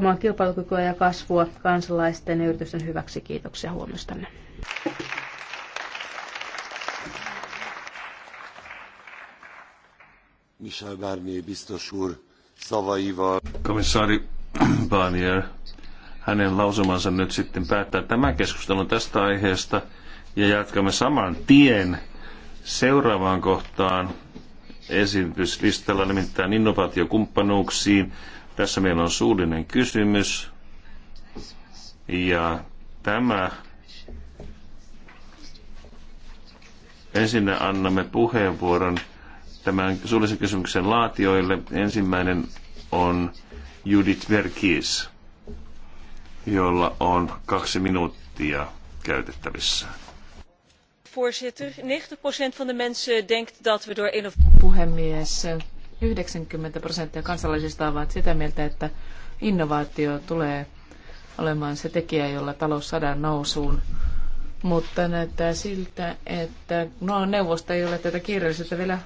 omaa kilpailukykyä ja kasvua kansalaisten ja yritysten hyväksi. Kiitoksia huomiostanne. Michel Barnier biztos Komissaari Barnier, hänen lausumansa nyt sitten päättää tämän keskustelun tästä aiheesta ja jatkamme saman tien seuraavaan kohtaan esityslistalla, nimittäin innovaatiokumppanuuksiin tässä meillä on suullinen kysymys. Ja tämä ensin annamme puheenvuoron tämän suullisen kysymyksen laatioille. Ensimmäinen on Judith Verkis, jolla on kaksi minuuttia käytettävissä. Voorzitter, 90% van de mensen denkt dat we door innovatie... Puhemies, 90 prosenttia kansalaisista ovat sitä mieltä, että innovaatio tulee olemaan se tekijä, jolla talous saadaan nousuun. Mutta näyttää siltä, että no, neuvosto ei ole tätä kirjallisuutta vielä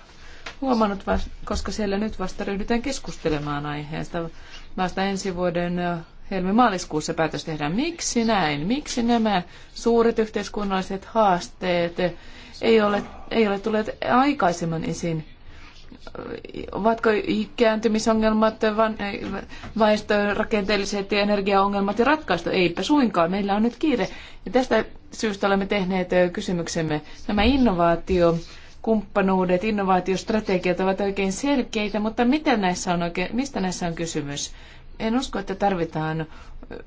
huomannut, koska siellä nyt vasta ryhdytään keskustelemaan aiheesta. Vasta ensi vuoden helmi-maaliskuussa päätös tehdään. Miksi näin? Miksi nämä suuret yhteiskunnalliset haasteet ei ole, ei ole tulleet aikaisemmin esiin? ovatko ikääntymisongelmat, väestörakenteelliset ja energiaongelmat ja ratkaistu? Eipä suinkaan, meillä on nyt kiire. Ja tästä syystä olemme tehneet kysymyksemme. Nämä innovaatio innovaatiostrategiat ovat oikein selkeitä, mutta mitä näissä on oikein, mistä näissä on kysymys? En usko, että tarvitaan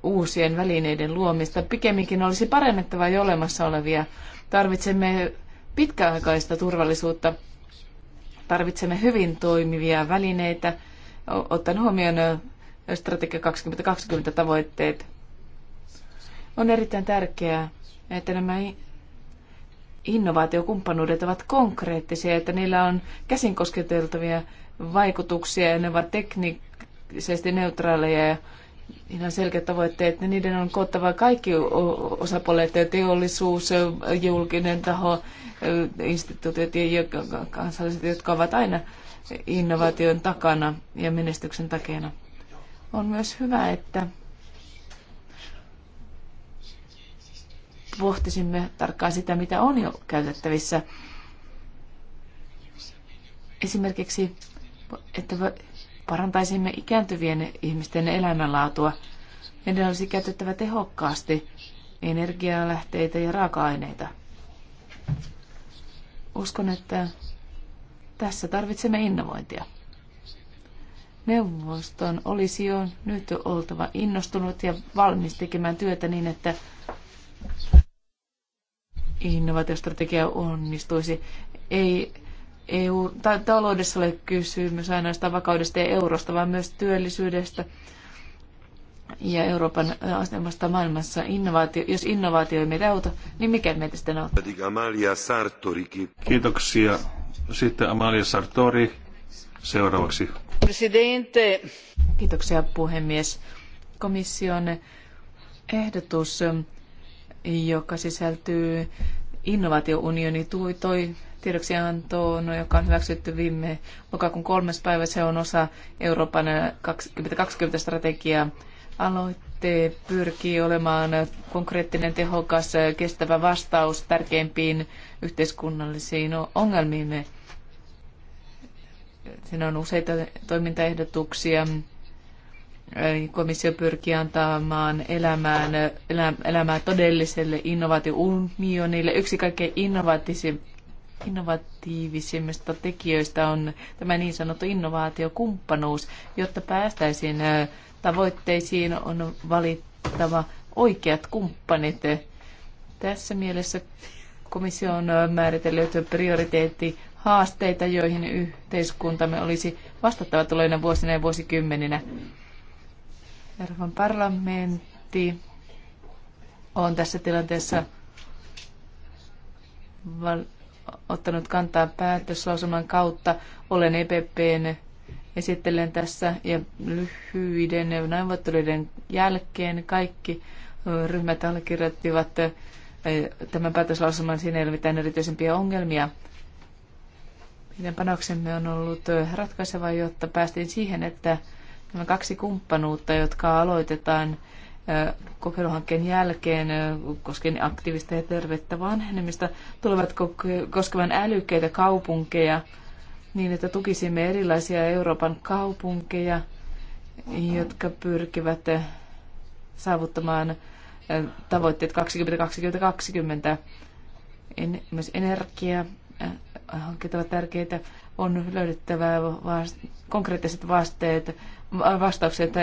uusien välineiden luomista. Pikemminkin olisi parannettava jo olemassa olevia. Tarvitsemme pitkäaikaista turvallisuutta Tarvitsemme hyvin toimivia välineitä, ottaen huomioon strategia 2020 tavoitteet. On erittäin tärkeää, että nämä innovaatiokumppanuudet ovat konkreettisia, että niillä on käsin kosketeltavia vaikutuksia ja ne ovat teknisesti neutraaleja ja Niillä on selkeät että niin niiden on koottava kaikki osapuolet, teollisuus, julkinen taho, instituutiot ja kansalliset, jotka ovat aina innovaation takana ja menestyksen takana. On myös hyvä, että pohtisimme tarkkaan sitä, mitä on jo käytettävissä. Esimerkiksi, että parantaisimme ikääntyvien ihmisten elämänlaatua. Meidän olisi käytettävä tehokkaasti energialähteitä ja raaka-aineita. Uskon, että tässä tarvitsemme innovointia. Neuvoston olisi jo nyt oltava innostunut ja valmis tekemään työtä niin, että innovaatiostrategia onnistuisi. Ei EU, tai taloudessa ole kysymys ainoastaan vakaudesta ja eurosta, vaan myös työllisyydestä ja Euroopan asemasta maailmassa. Innovaatio, jos innovaatio ei meitä auta, niin mikä meitä sitten auttaa? Kiitoksia. Sitten Amalia Sartori seuraavaksi. Presidente. Kiitoksia puhemies. Komission ehdotus, joka sisältyy innovaatiounioni, toi tiedoksiantoon, joka on hyväksytty viime lokakuun kolmas päivä. Se on osa Euroopan 2020-strategiaa. Aloitte pyrkii olemaan konkreettinen, tehokas, kestävä vastaus tärkeimpiin yhteiskunnallisiin ongelmiimme. Siinä on useita toimintaehdotuksia. Komissio pyrkii antamaan elämään, elämää todelliselle innovaatiounionille. Yksi kaikkein innovatiivisin innovatiivisimmista tekijöistä on tämä niin sanottu innovaatiokumppanuus. Jotta päästäisiin tavoitteisiin, on valittava oikeat kumppanit. Tässä mielessä komissio on määritellyt prioriteetti haasteita, joihin yhteiskuntamme olisi vastattava tulevina vuosina ja vuosikymmeninä. Euroopan parlamentti on tässä tilanteessa ottanut kantaa päätöslausuman kautta. Olen EPPn esittelen tässä ja lyhyiden neuvotteluiden jälkeen kaikki ryhmät allekirjoittivat tämän päätöslausuman. Siinä ei ole mitään erityisempiä ongelmia. Meidän panoksemme on ollut ratkaiseva, jotta päästiin siihen, että nämä kaksi kumppanuutta, jotka aloitetaan – kokeiluhankkeen jälkeen koskien aktiivista ja tervettä vanhenemista tulevat koskevan älykkeitä kaupunkeja niin, että tukisimme erilaisia Euroopan kaupunkeja, jotka pyrkivät saavuttamaan tavoitteet 2020-2020. Myös energia hankkeet ovat tärkeitä. On löydettävä konkreettiset vasteet, vastaukset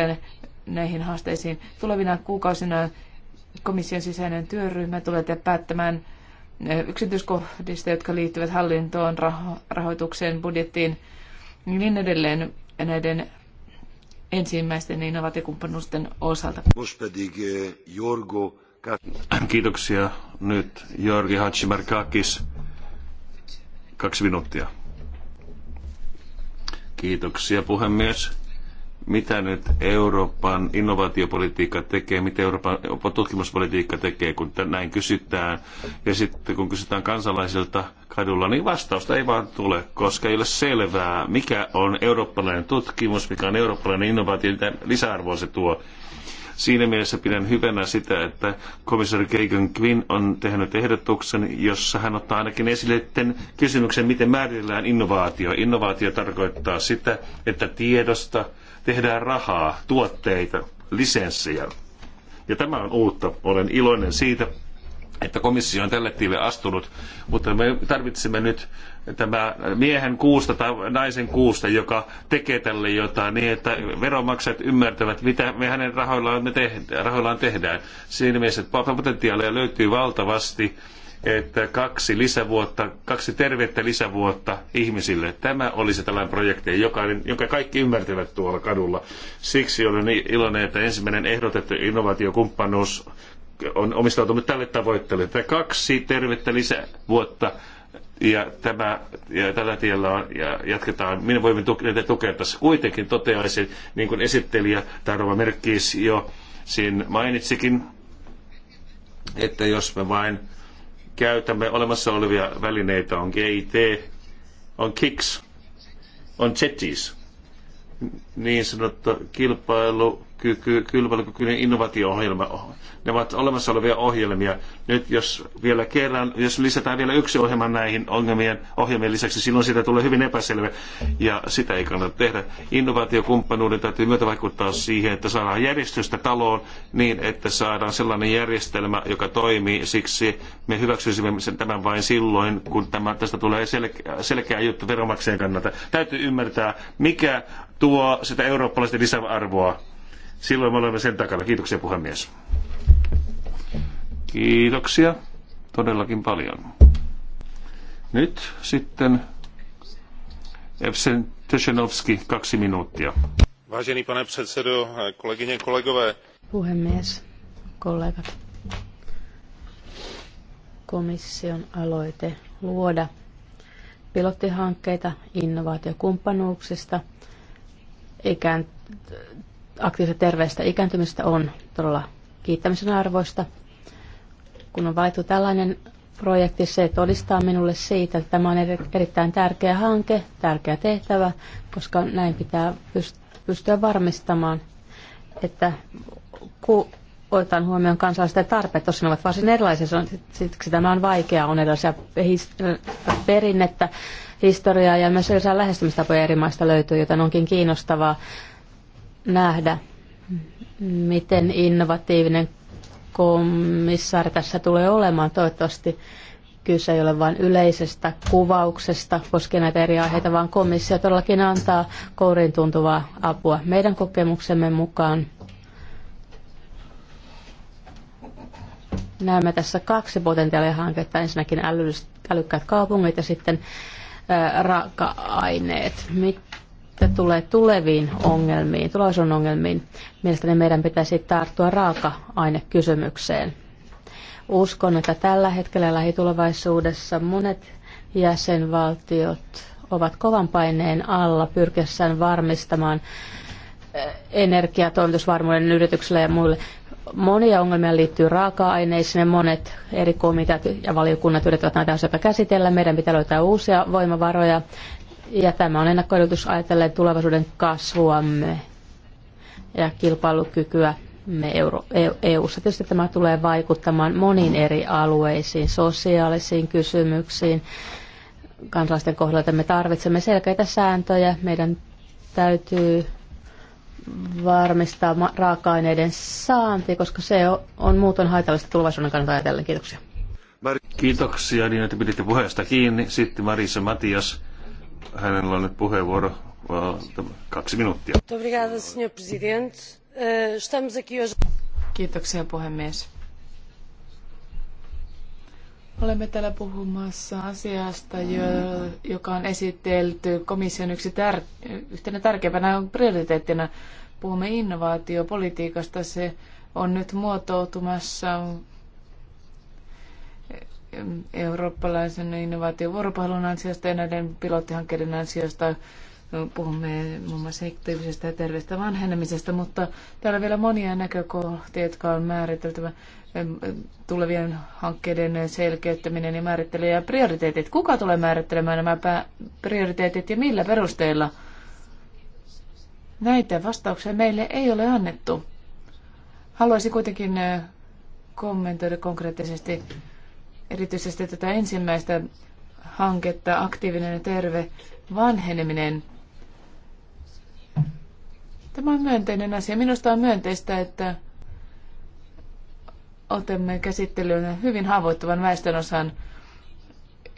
näihin haasteisiin. Tulevina kuukausina komission sisäinen työryhmä tulee päättämään yksityiskohdista, jotka liittyvät hallintoon, raho- rahoitukseen, budjettiin ja niin edelleen näiden ensimmäisten innovaatiokumppanuusten osalta. Kiitoksia. Nyt Jorgi Hatsimarkakis, kaksi minuuttia. Kiitoksia puhemies mitä nyt Euroopan innovaatiopolitiikka tekee, mitä Euroopan tutkimuspolitiikka tekee, kun näin kysytään. Ja sitten kun kysytään kansalaisilta kadulla, niin vastausta ei vaan tule, koska ei ole selvää, mikä on eurooppalainen tutkimus, mikä on eurooppalainen innovaatio, mitä lisäarvoa se tuo. Siinä mielessä pidän hyvänä sitä, että komissaari Keegan Quinn on tehnyt ehdotuksen, jossa hän ottaa ainakin esille tämän kysymyksen, miten määritellään innovaatio. Innovaatio tarkoittaa sitä, että tiedosta – tehdään rahaa, tuotteita, lisenssejä. Ja tämä on uutta. Olen iloinen siitä, että komissio on tälle tiille astunut, mutta me tarvitsemme nyt tämä miehen kuusta tai naisen kuusta, joka tekee tälle jotain niin, että veronmaksajat ymmärtävät, mitä me hänen rahoillaan, me te, rahoillaan tehdään. Siinä mielessä, että potentiaalia löytyy valtavasti että kaksi lisävuotta, kaksi tervettä lisävuotta ihmisille. Tämä se tällainen projekti, joka, jonka kaikki ymmärtivät tuolla kadulla. Siksi olen niin iloinen, että ensimmäinen ehdotettu innovaatiokumppanuus on omistautunut tälle tavoitteelle. että kaksi tervettä lisävuotta ja, tämä, ja tällä tiellä on, ja jatketaan. Minä voimme näitä tukea tässä. Kuitenkin toteaisin, niin kuin esittelijä Tarva Merkkiis jo siinä mainitsikin, että jos me vain käytämme olemassa olevia välineitä, on GIT, on KICS, on CETIS, niin sanottu kilpailu kilpailukykyinen innovaatio-ohjelma. Ne ovat olemassa olevia ohjelmia. Nyt jos vielä kerran, jos lisätään vielä yksi ohjelma näihin ongelmien, ohjelmien lisäksi, silloin siitä tulee hyvin epäselvä ja sitä ei kannata tehdä. Innovaatiokumppanuuden täytyy myötä vaikuttaa siihen, että saadaan järjestystä taloon niin, että saadaan sellainen järjestelmä, joka toimii. Siksi me hyväksyisimme sen tämän vain silloin, kun tämä, tästä tulee selkeä, selkeä juttu veronmaksajien kannalta. Täytyy ymmärtää, mikä tuo sitä eurooppalaista lisäarvoa Silloin me olemme sen takana. Kiitoksia puhemies. Kiitoksia todellakin paljon. Nyt sitten Evsen Tyshenovski, kaksi minuuttia. Vážený pane předsedo, kolegyně, kolegové. Puhemies, kollegat. Komission aloite luoda pilottihankkeita innovaatiokumppanuuksista ikään aktiivisesta terveestä ikääntymistä on todella kiittämisen arvoista. Kun on valittu tällainen projekti, se todistaa minulle siitä, että tämä on erittäin tärkeä hanke, tärkeä tehtävä, koska näin pitää pystyä varmistamaan, että kun otetaan huomioon kansalaisten tarpeet, tosin ne ovat varsin erilaisia, siksi tämä on vaikeaa, on erilaisia perinnettä, historiaa ja myös erilaisia lähestymistapoja eri maista löytyy, joten onkin kiinnostavaa nähdä, miten innovatiivinen komissaari tässä tulee olemaan. Toivottavasti kyse ei ole vain yleisestä kuvauksesta koskien näitä eri aiheita, vaan komissio todellakin antaa kouriin tuntuvaa apua meidän kokemuksemme mukaan. Näemme tässä kaksi potentiaalihanketta, ensinnäkin älykkäät kaupungit ja sitten raaka-aineet. Mit, mitä tulee tuleviin ongelmiin, tulevaisuuden ongelmiin, mielestäni meidän pitäisi tarttua raaka-ainekysymykseen. Uskon, että tällä hetkellä lähitulevaisuudessa monet jäsenvaltiot ovat kovan paineen alla pyrkessään varmistamaan eh, energiatoimitusvarmuuden yrityksille ja muille. Monia ongelmia liittyy raaka-aineisiin ja monet eri komiteat ja valiokunnat yrittävät näitä asioita käsitellä. Meidän pitää löytää uusia voimavaroja ja tämä on ennakkoedotus ajatellen tulevaisuuden kasvuamme ja kilpailukykyä me Euro, e- EU-ssa. Tietysti tämä tulee vaikuttamaan moniin eri alueisiin, sosiaalisiin kysymyksiin, kansalaisten kohdalla, että me tarvitsemme selkeitä sääntöjä. Meidän täytyy varmistaa raaka-aineiden saanti, koska se on muuten haitallista tulevaisuuden kannalta ajatellen. Kiitoksia. Kiitoksia, niin että piditte puheesta kiinni. Sitten Marisa Matias Hänellä on nyt puheenvuoro kaksi minuuttia. Eh, Kiitoksia puhemies. Olemme täällä puhumassa asiasta, jo, joka on esitelty komission yksi tär, yhtenä tärkeimpänä prioriteettina. Puhumme innovaatiopolitiikasta. Se on nyt muotoutumassa eurooppalaisen innovaatiovuoropuhelun ansiosta ja näiden pilottihankkeiden ansiosta puhumme muun muassa aktiivisesta ja terveestä vanhenemisesta, mutta täällä on vielä monia näkökohtia, jotka on määriteltävä tulevien hankkeiden selkeyttäminen ja määrittely ja prioriteetit. Kuka tulee määrittelemään nämä prioriteetit ja millä perusteilla? Näitä vastauksia meille ei ole annettu. Haluaisin kuitenkin kommentoida konkreettisesti erityisesti tätä ensimmäistä hanketta, aktiivinen ja terve vanheneminen. Tämä on myönteinen asia. Minusta on myönteistä, että otamme käsittelyyn hyvin haavoittuvan väestönosan.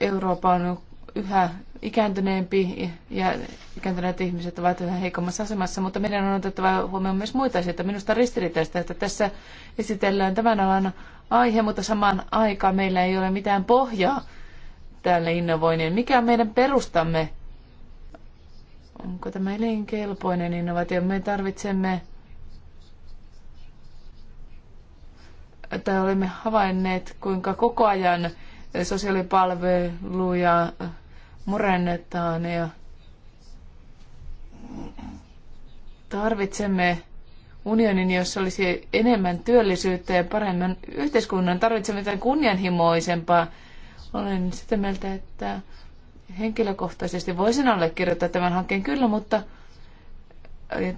Eurooppa on yhä ikääntyneempi ja ikääntyneet ihmiset ovat yhä heikommassa asemassa, mutta meidän on otettava huomioon myös muita asioita. Minusta ristiriitaista, että tässä esitellään tämän alan aihe, mutta samaan aikaan meillä ei ole mitään pohjaa tälle innovoinnin. Mikä on meidän perustamme? Onko tämä elinkelpoinen innovaatio? Me tarvitsemme, tai olemme havainneet, kuinka koko ajan sosiaalipalveluja murennetaan ja tarvitsemme unionin, jossa olisi enemmän työllisyyttä ja paremman yhteiskunnan. Tarvitsemme jotain kunnianhimoisempaa. Olen sitä mieltä, että henkilökohtaisesti voisin allekirjoittaa tämän hankkeen kyllä, mutta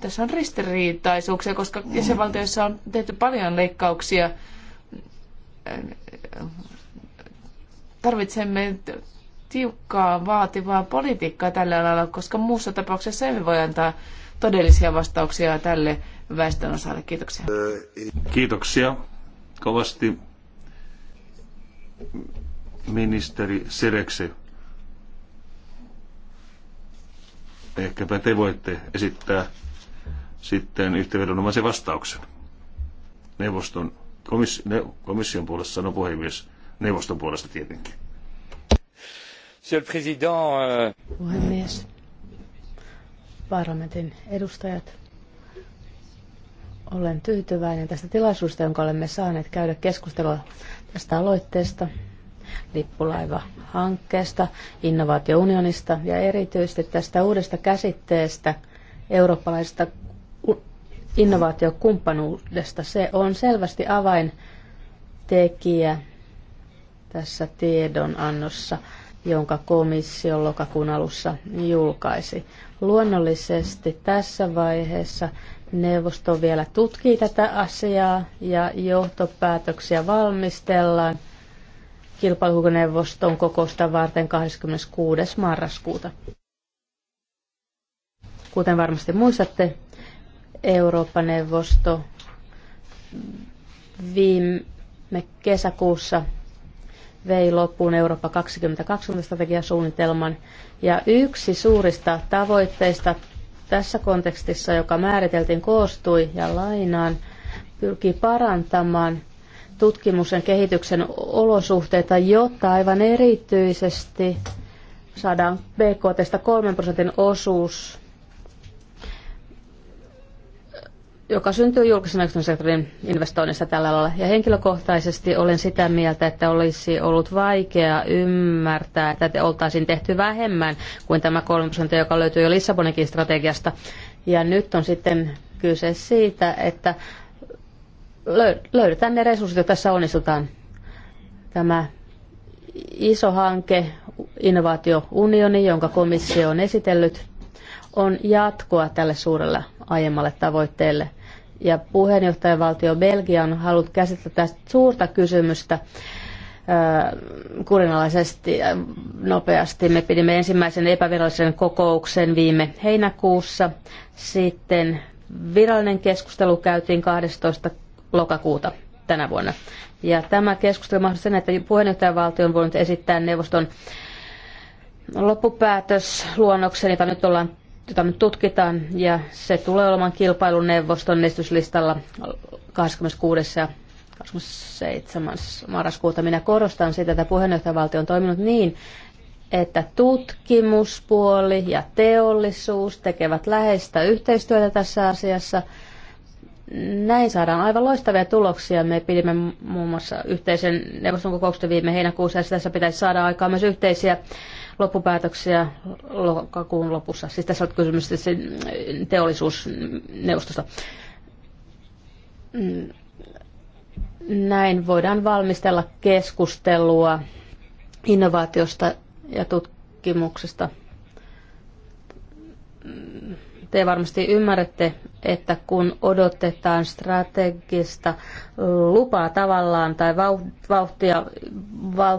tässä on ristiriitaisuuksia, koska jäsenvaltioissa on tehty paljon leikkauksia. Tarvitsemme tiukkaa, vaativaa politiikkaa tällä alalla, koska muussa tapauksessa emme voi antaa todellisia vastauksia tälle väestön osalle. Kiitoksia. Kiitoksia kovasti ministeri Sireksi. Ehkäpä te voitte esittää sitten yhteenvedonomaisen vastauksen. Neuvoston, komission puolesta sanoo puhemies, neuvoston puolesta tietenkin. Monsieur le Président. Euh, Puhemies, parlamentin edustajat, olen tyytyväinen tästä tilaisuudesta, jonka olemme saaneet käydä keskustelua tästä aloitteesta, lippulaiva-hankkeesta, innovaatiounionista ja erityisesti tästä uudesta käsitteestä eurooppalaisesta innovaatiokumppanuudesta. Se on selvästi avaintekijä tässä tiedonannossa jonka komissio lokakuun alussa julkaisi. Luonnollisesti tässä vaiheessa neuvosto vielä tutkii tätä asiaa ja johtopäätöksiä valmistellaan kilpailuneuvoston kokousta varten 26. marraskuuta. Kuten varmasti muistatte, Eurooppa-neuvosto viime kesäkuussa vei loppuun Eurooppa 2020 strategiasuunnitelman. Ja yksi suurista tavoitteista tässä kontekstissa, joka määriteltiin koostui ja lainaan, pyrkii parantamaan tutkimuksen kehityksen olosuhteita, jotta aivan erityisesti saadaan BKTstä 3 prosentin osuus joka syntyy julkisen sektorin investoinnista tällä lailla. Ja henkilökohtaisesti olen sitä mieltä, että olisi ollut vaikea ymmärtää, että te oltaisiin tehty vähemmän kuin tämä 3 prosenttia, joka löytyy jo Lissabonikin strategiasta. Ja nyt on sitten kyse siitä, että löydetään ne resurssit, joita tässä onnistutaan. Tämä iso hanke, innovaatiounioni, jonka komissio on esitellyt, on jatkoa tälle suurelle aiemmalle tavoitteelle – ja puheenjohtajavaltio Belgia on halunnut käsitellä tästä suurta kysymystä äh, kurinalaisesti äh, nopeasti. Me pidimme ensimmäisen epävirallisen kokouksen viime heinäkuussa. Sitten virallinen keskustelu käytiin 12. lokakuuta tänä vuonna. Ja tämä keskustelu mahdollisti sen, että puheenjohtajavaltio on voinut esittää neuvoston loppupäätösluonnoksen, jota nyt ollaan jota nyt tutkitaan, ja se tulee olemaan kilpailuneuvoston esityslistalla 26. ja 27. marraskuuta. Minä korostan sitä, että puheenjohtajavaltio on toiminut niin, että tutkimuspuoli ja teollisuus tekevät läheistä yhteistyötä tässä asiassa. Näin saadaan aivan loistavia tuloksia. Me pidimme muun muassa yhteisen neuvoston kokouksen viime heinäkuussa ja tässä pitäisi saada aikaan myös yhteisiä loppupäätöksiä lokakuun lopussa. Siis tässä on kysymys siis teollisuusneuvostosta. Näin voidaan valmistella keskustelua innovaatiosta ja tutkimuksesta. Te varmasti ymmärrätte, että kun odotetaan strategista lupaa tavallaan tai vauhtia val-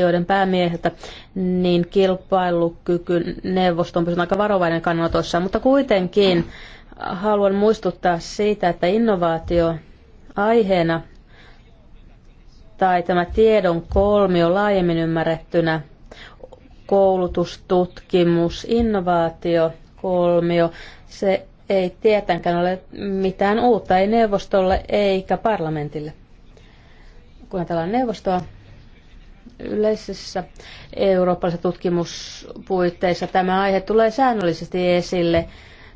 jäsenvaltioiden päämieheltä, niin kilpailukyky neuvosto on pysynyt aika varovainen kannatossa. mutta kuitenkin haluan muistuttaa siitä, että innovaatio aiheena tai tämä tiedon kolmio laajemmin ymmärrettynä, koulutus, tutkimus, innovaatio, kolmio, se ei tietenkään ole mitään uutta, ei neuvostolle eikä parlamentille. Kun ajatellaan neuvostoa, Yleisessä eurooppalaisessa tutkimuspuitteissa tämä aihe tulee säännöllisesti esille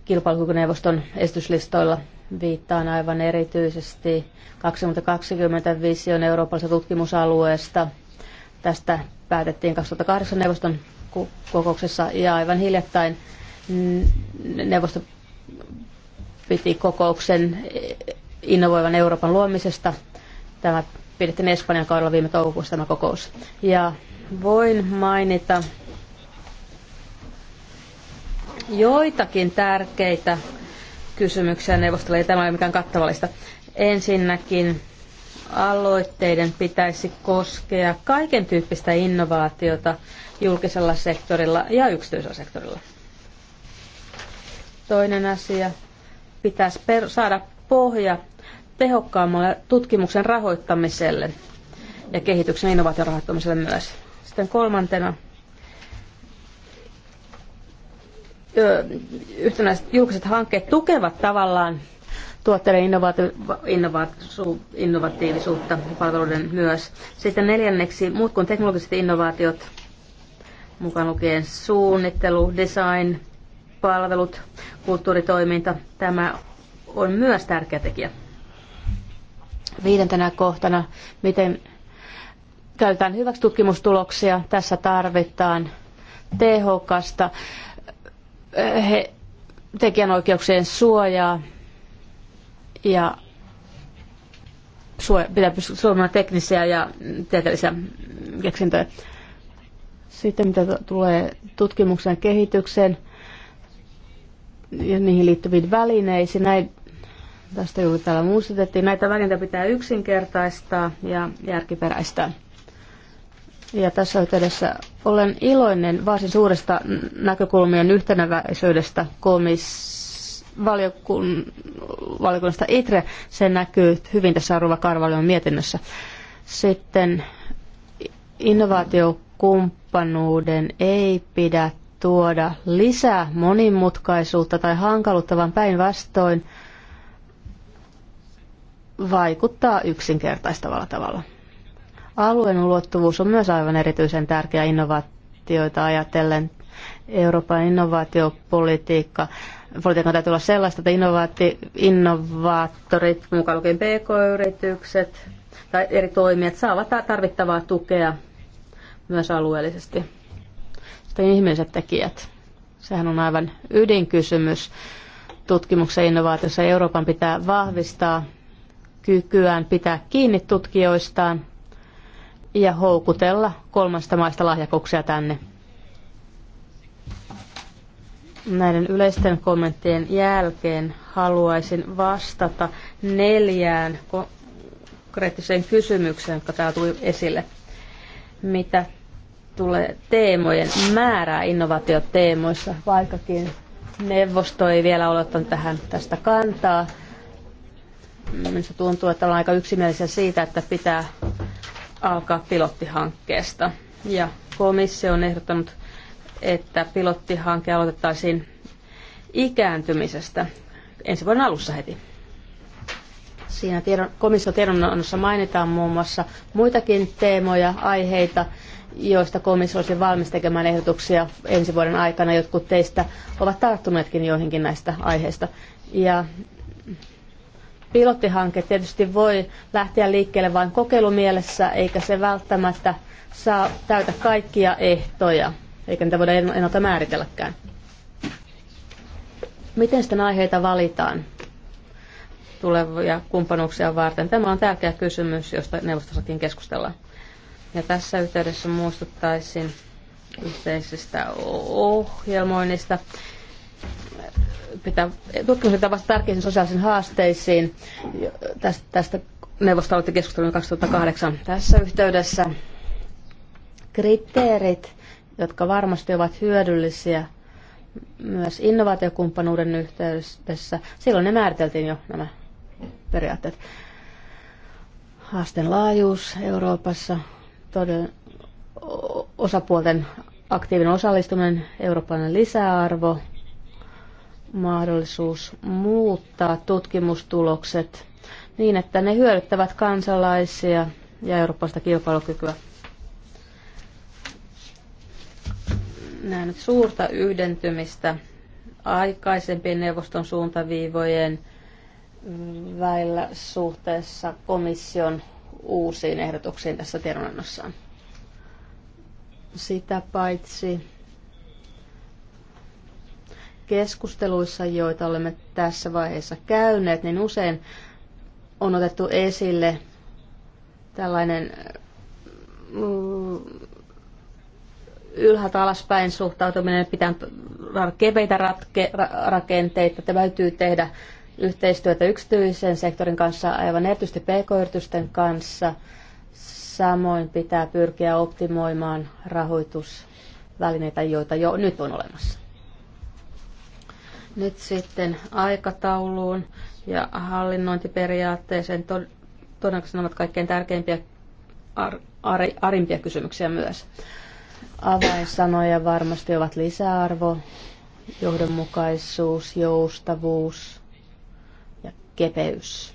kilpailukykyneuvoston esityslistoilla. Viittaan aivan erityisesti 2020 vision eurooppalaisesta tutkimusalueesta. Tästä päätettiin 2008 neuvoston kokouksessa ja aivan hiljattain neuvosto piti kokouksen innovoivan Euroopan luomisesta. Tämä pidettiin Espanjan kaudella viime toukokuussa tämä kokous. Ja voin mainita joitakin tärkeitä kysymyksiä neuvostolle, ja tämä ei mikään kattavallista. Ensinnäkin aloitteiden pitäisi koskea kaiken tyyppistä innovaatiota julkisella sektorilla ja yksityisellä sektorilla. Toinen asia, pitäisi saada pohja tehokkaammalle tutkimuksen rahoittamiselle ja kehityksen innovaation rahoittamiselle myös. Sitten kolmantena yhtenäiset julkiset hankkeet tukevat tavallaan tuotteiden innovatiivisuutta ja palveluiden myös. Sitten neljänneksi muut kuin teknologiset innovaatiot, mukaan lukien suunnittelu, design, palvelut, kulttuuritoiminta, tämä on myös tärkeä tekijä. Viidentenä kohtana, miten käytetään hyväksi tutkimustuloksia. Tässä tarvitaan tehokasta eh, he, tekijänoikeuksien suojaa ja suoja, pitää pystyä teknisiä ja tieteellisiä keksintöjä. Sitten mitä tulee tutkimuksen kehitykseen ja niihin liittyviin välineisiin, näin Tästä juuri täällä muistutettiin. Näitä välineitä pitää yksinkertaistaa ja järkiperäistää. Ja tässä yhteydessä olen iloinen varsin suuresta näkökulmien yhtenäväisyydestä komis valiokunnasta ITRE. Se näkyy hyvin tässä Arruva Karvalion mietinnössä. Sitten innovaatiokumppanuuden ei pidä tuoda lisää monimutkaisuutta tai hankaluutta, vaan päinvastoin – vaikuttaa yksinkertaistavalla tavalla. Alueen ulottuvuus on myös aivan erityisen tärkeä innovaatioita ajatellen. Euroopan innovaatiopolitiikka politiikan täytyy olla sellaista, että innovaati, innovaattorit, mukaan lukien pk-yritykset tai eri toimijat saavat tarvittavaa tukea myös alueellisesti. Sitten ihmiset tekijät. Sehän on aivan ydinkysymys tutkimuksen innovaatiossa. Euroopan pitää vahvistaa kykyään pitää kiinni tutkijoistaan ja houkutella kolmasta maista lahjakuksia tänne. Näiden yleisten kommenttien jälkeen haluaisin vastata neljään konkreettiseen kysymykseen, jotka täällä tuli esille. Mitä tulee teemojen määrää innovaatioteemoissa, vaikkakin neuvosto ei vielä ole ottanut tähän tästä kantaa. Minusta tuntuu, että ollaan aika yksimielisiä siitä, että pitää alkaa pilottihankkeesta. Ja komissio on ehdottanut, että pilottihanke aloitettaisiin ikääntymisestä ensi vuoden alussa heti. Siinä tiedon, komission tiedonannossa mainitaan muun muassa muitakin teemoja, aiheita, joista komissio olisi valmis tekemään ehdotuksia ensi vuoden aikana. Jotkut teistä ovat tarttuneetkin joihinkin näistä aiheista. Ja Pilottihanke tietysti voi lähteä liikkeelle vain kokeilumielessä, eikä se välttämättä saa täytä kaikkia ehtoja, eikä niitä voida ennalta määritelläkään. Miten sitten aiheita valitaan tulevia kumppanuuksia varten? Tämä on tärkeä kysymys, josta neuvostossakin keskustellaan. Ja tässä yhteydessä muistuttaisin yhteisestä ohjelmoinnista mitä tutkimukset vasta tärkeisiin sosiaalisiin haasteisiin. Tästä, tästä neuvosto aloitti keskustelun 2008 tässä yhteydessä. Kriteerit, jotka varmasti ovat hyödyllisiä myös innovaatiokumppanuuden yhteydessä. Silloin ne määriteltiin jo nämä periaatteet. Haasten laajuus Euroopassa, todella osapuolten aktiivinen osallistuminen, eurooppalainen lisäarvo, mahdollisuus muuttaa tutkimustulokset niin, että ne hyödyttävät kansalaisia ja eurooppalaista kilpailukykyä. Näen suurta yhdentymistä aikaisempien neuvoston suuntaviivojen väillä suhteessa komission uusiin ehdotuksiin tässä tiedonannossaan. Sitä paitsi Keskusteluissa, joita olemme tässä vaiheessa käyneet, niin usein on otettu esille tällainen mm, ylhäältä alaspäin suhtautuminen, pitää keveitä ratke, ra, rakenteita, täytyy tehdä yhteistyötä yksityisen sektorin kanssa, aivan erityisesti pk-yritysten kanssa. Samoin pitää pyrkiä optimoimaan rahoitusvälineitä, joita jo nyt on olemassa. Nyt sitten aikatauluun ja hallinnointiperiaatteeseen. Todennäköisesti nämä ovat kaikkein tärkeimpiä, ar, ar, arimpia kysymyksiä myös. Avainsanoja varmasti ovat lisäarvo, johdonmukaisuus, joustavuus ja kepeys.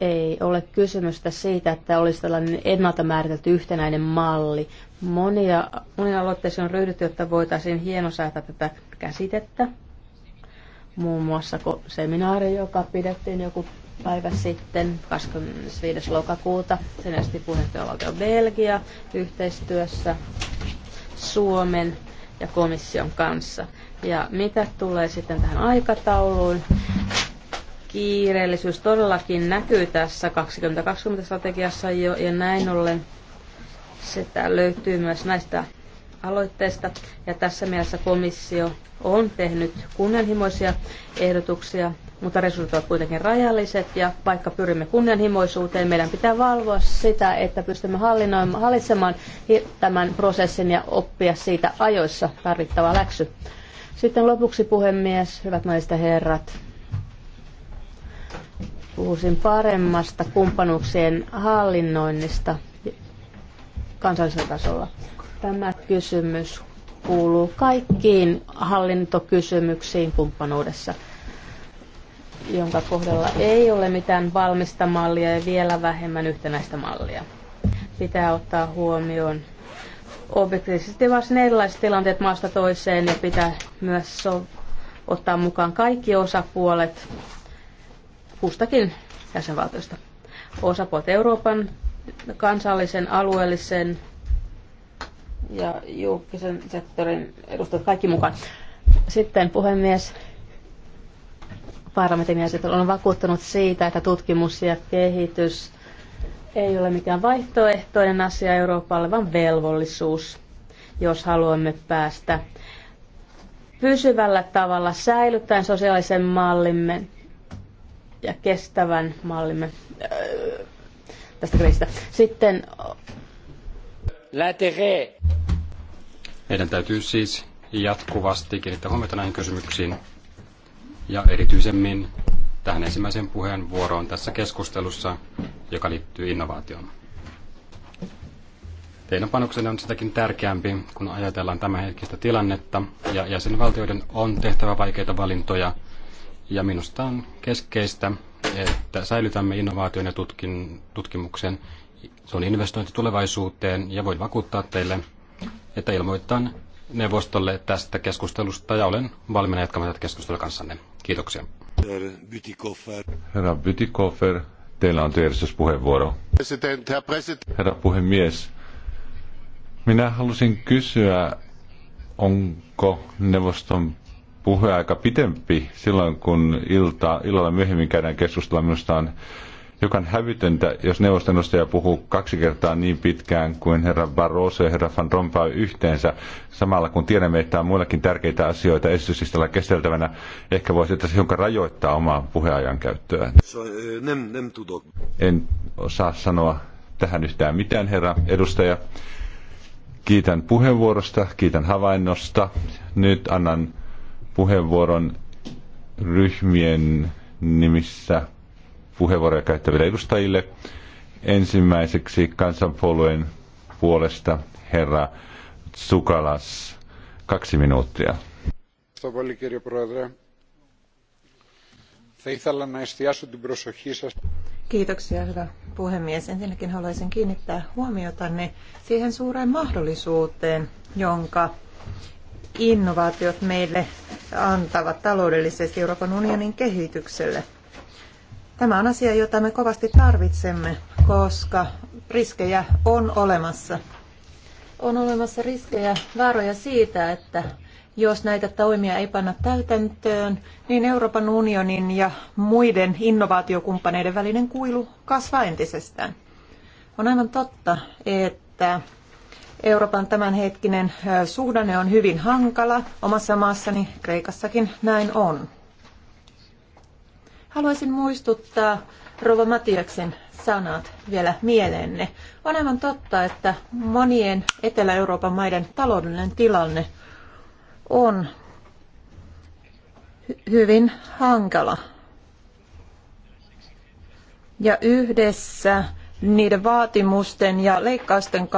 Ei ole kysymystä siitä, että olisi tällainen ennalta määritelty yhtenäinen malli, Monia, monia aloitteisiin on ryhdytty, jotta voitaisiin hienosäätä tätä käsitettä. Muun muassa seminaari, joka pidettiin joku päivä sitten, 25. lokakuuta. Sen esti puheenjohtajavaltio Belgia yhteistyössä Suomen ja komission kanssa. Ja mitä tulee sitten tähän aikatauluun, kiireellisyys todellakin näkyy tässä 2020-strategiassa jo, ja näin ollen sitä löytyy myös näistä aloitteista ja tässä mielessä komissio on tehnyt kunnianhimoisia ehdotuksia, mutta resurssit ovat kuitenkin rajalliset ja vaikka pyrimme kunnianhimoisuuteen, meidän pitää valvoa sitä, että pystymme hallitsemaan tämän prosessin ja oppia siitä ajoissa tarvittava läksy. Sitten lopuksi puhemies, hyvät naiset ja herrat, puhuisin paremmasta kumppanuuksien hallinnoinnista – kansallisella tasolla. Tämä kysymys kuuluu kaikkiin hallintokysymyksiin kumppanuudessa, jonka kohdalla ei ole mitään valmista mallia ja vielä vähemmän yhtenäistä mallia. Pitää ottaa huomioon objektiivisesti varsin erilaiset tilanteet maasta toiseen ja pitää myös so- ottaa mukaan kaikki osapuolet kustakin jäsenvaltiosta. Osapuolet Euroopan kansallisen, alueellisen ja julkisen sektorin edustajat kaikki mukaan. Sitten puhemies parlamentin on vakuuttunut siitä, että tutkimus ja kehitys ei ole mikään vaihtoehtoinen asia Euroopalle, vaan velvollisuus, jos haluamme päästä pysyvällä tavalla säilyttäen sosiaalisen mallimme ja kestävän mallimme. Öö, tästä kriisistä. Sitten... Meidän täytyy siis jatkuvasti kiinnittää huomiota näihin kysymyksiin ja erityisemmin tähän ensimmäiseen puheenvuoroon tässä keskustelussa, joka liittyy innovaatioon. Teidän panoksenne on sitäkin tärkeämpi, kun ajatellaan tämänhetkistä tilannetta, ja jäsenvaltioiden on tehtävä vaikeita valintoja, ja minusta on keskeistä, että säilytämme innovaation ja tutkin, tutkimuksen. Se on investointi tulevaisuuteen ja voin vakuuttaa teille, että ilmoitan neuvostolle tästä keskustelusta ja olen valmiina jatkamaan tätä keskustelua kanssanne. Kiitoksia. Herra Bytikofer, teillä on työjärjestyspuheenvuoro. Herra puhemies, minä halusin kysyä, onko neuvoston aika pitempi silloin, kun ilta, illalla myöhemmin käydään keskustelua. Minusta on hiukan hävytöntä, jos neuvostonostaja puhuu kaksi kertaa niin pitkään kuin herra Barroso ja herra Van Rompuy yhteensä, samalla kun tiedämme, että on muillakin tärkeitä asioita esityslistalla kesteltävänä, ehkä voisi tässä hiukan rajoittaa omaa puheajan käyttöä. Eh, en osaa sanoa tähän yhtään mitään, herra edustaja. Kiitän puheenvuorosta, kiitän havainnosta. Nyt annan puheenvuoron ryhmien nimissä puheenvuoroja käyttäville edustajille. Ensimmäiseksi kansanpuolueen puolesta herra Tsukalas. Kaksi minuuttia. Kiitoksia, hyvä puhemies. Ensinnäkin haluaisin kiinnittää huomiotanne siihen suureen mahdollisuuteen, jonka innovaatiot meille antavat taloudellisesti Euroopan unionin kehitykselle. Tämä on asia, jota me kovasti tarvitsemme, koska riskejä on olemassa. On olemassa riskejä, vaaroja siitä, että jos näitä toimia ei panna täytäntöön, niin Euroopan unionin ja muiden innovaatiokumppaneiden välinen kuilu kasvaa entisestään. On aivan totta, että Euroopan tämänhetkinen suhdanne on hyvin hankala. Omassa maassani Kreikassakin näin on. Haluaisin muistuttaa Rova Matiaksen sanat vielä mieleenne. On aivan totta, että monien Etelä-Euroopan maiden taloudellinen tilanne on hyvin hankala. Ja yhdessä niiden vaatimusten ja leikkausten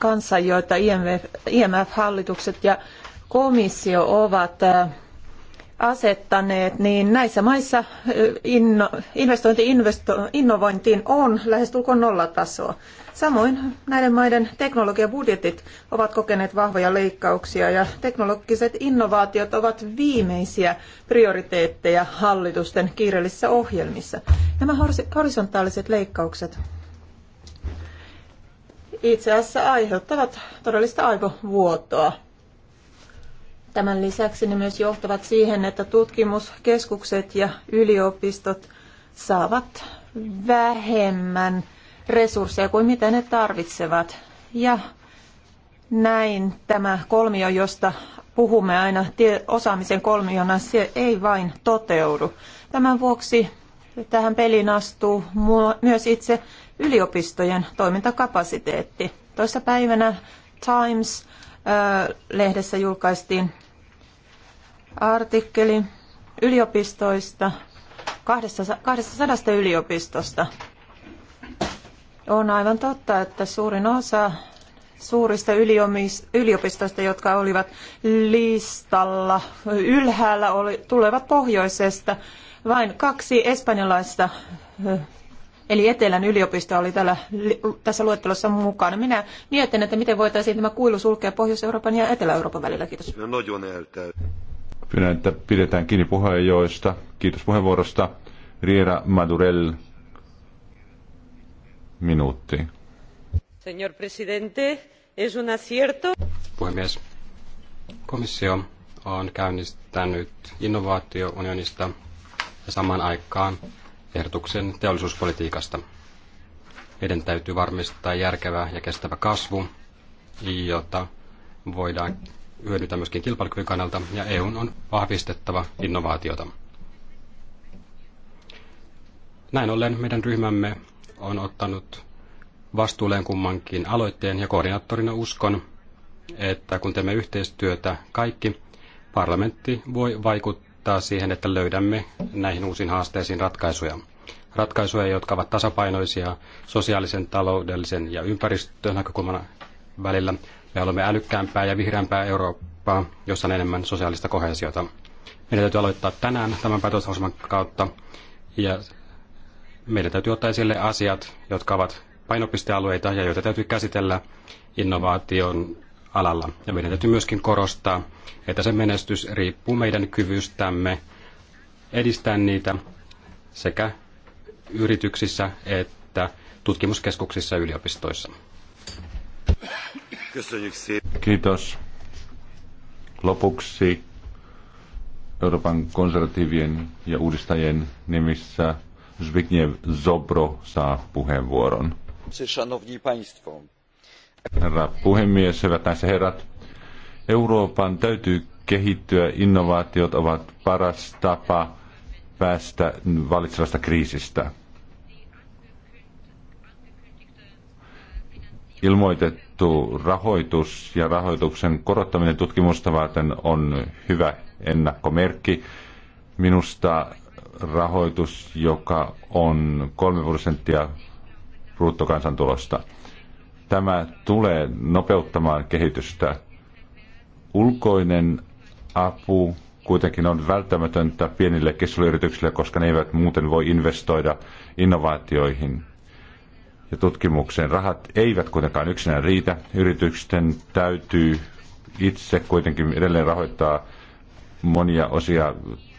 kanssa, joita IMF-hallitukset ja komissio ovat äh, asettaneet, niin näissä maissa äh, inno, investointi investo, innovointiin on lähestulkoon nollatasoa. Samoin näiden maiden teknologiabudjetit ovat kokeneet vahvoja leikkauksia ja teknologiset innovaatiot ovat viimeisiä prioriteetteja hallitusten kiireellisissä ohjelmissa. Nämä horisontaaliset leikkaukset itse asiassa aiheuttavat todellista aivovuotoa. Tämän lisäksi ne myös johtavat siihen, että tutkimuskeskukset ja yliopistot saavat vähemmän resursseja kuin mitä ne tarvitsevat. Ja näin tämä kolmio, josta puhumme aina osaamisen kolmiona, se ei vain toteudu. Tämän vuoksi tähän peliin astuu myös itse yliopistojen toimintakapasiteetti. Toissa päivänä Times-lehdessä julkaistiin artikkeli yliopistoista, 200 yliopistosta. On aivan totta, että suurin osa suurista yliopistoista, jotka olivat listalla ylhäällä, oli, tulevat pohjoisesta. Vain kaksi espanjalaista Eli Etelän yliopisto oli tällä, tässä luettelossa mukana. Minä mietin, että miten voitaisiin tämä kuilu sulkea Pohjois-Euroopan ja Etelä-Euroopan välillä. Kiitos. No, no Pyydän, että pidetään kiinni puheenjoista. Kiitos puheenvuorosta. Riera Madurell, minuutti. Señor presidente, es un acierto. Puhemies, komissio on käynnistänyt innovaatiounionista ja samaan aikaan ehdotuksen teollisuuspolitiikasta. Meidän täytyy varmistaa järkevä ja kestävä kasvu, jota voidaan hyödyntää myöskin kilpailukyvyn kannalta, ja EUn on vahvistettava innovaatiota. Näin ollen meidän ryhmämme on ottanut vastuulleen kummankin aloitteen ja koordinaattorina uskon, että kun teemme yhteistyötä kaikki, parlamentti voi vaikuttaa vaikuttaa siihen, että löydämme näihin uusiin haasteisiin ratkaisuja. Ratkaisuja, jotka ovat tasapainoisia sosiaalisen, taloudellisen ja ympäristön näkökulman välillä. Me haluamme älykkäämpää ja vihreämpää Eurooppaa, jossa on enemmän sosiaalista kohesiota. Meidän täytyy aloittaa tänään tämän päätöslauselman kautta ja meidän täytyy ottaa esille asiat, jotka ovat painopistealueita ja joita täytyy käsitellä innovaation alalla. Ja meidän täytyy myöskin korostaa, että se menestys riippuu meidän kyvystämme edistää niitä sekä yrityksissä että tutkimuskeskuksissa ja yliopistoissa. Kiitos. Lopuksi Euroopan konservatiivien ja uudistajien nimissä Zbigniew Zobro saa puheenvuoron. Szanowni Państwo, Herra puhemies, hyvät näissä herrat. Euroopan täytyy kehittyä. Innovaatiot ovat paras tapa päästä valitsevasta kriisistä. Ilmoitettu rahoitus ja rahoituksen korottaminen tutkimusta varten on hyvä ennakkomerkki. Minusta rahoitus, joka on 3 prosenttia bruttokansantulosta – Tämä tulee nopeuttamaan kehitystä. Ulkoinen apu kuitenkin on välttämätöntä pienille keskusteluyrityksille, koska ne eivät muuten voi investoida innovaatioihin ja tutkimukseen. Rahat eivät kuitenkaan yksinään riitä. Yritysten täytyy itse kuitenkin edelleen rahoittaa monia osia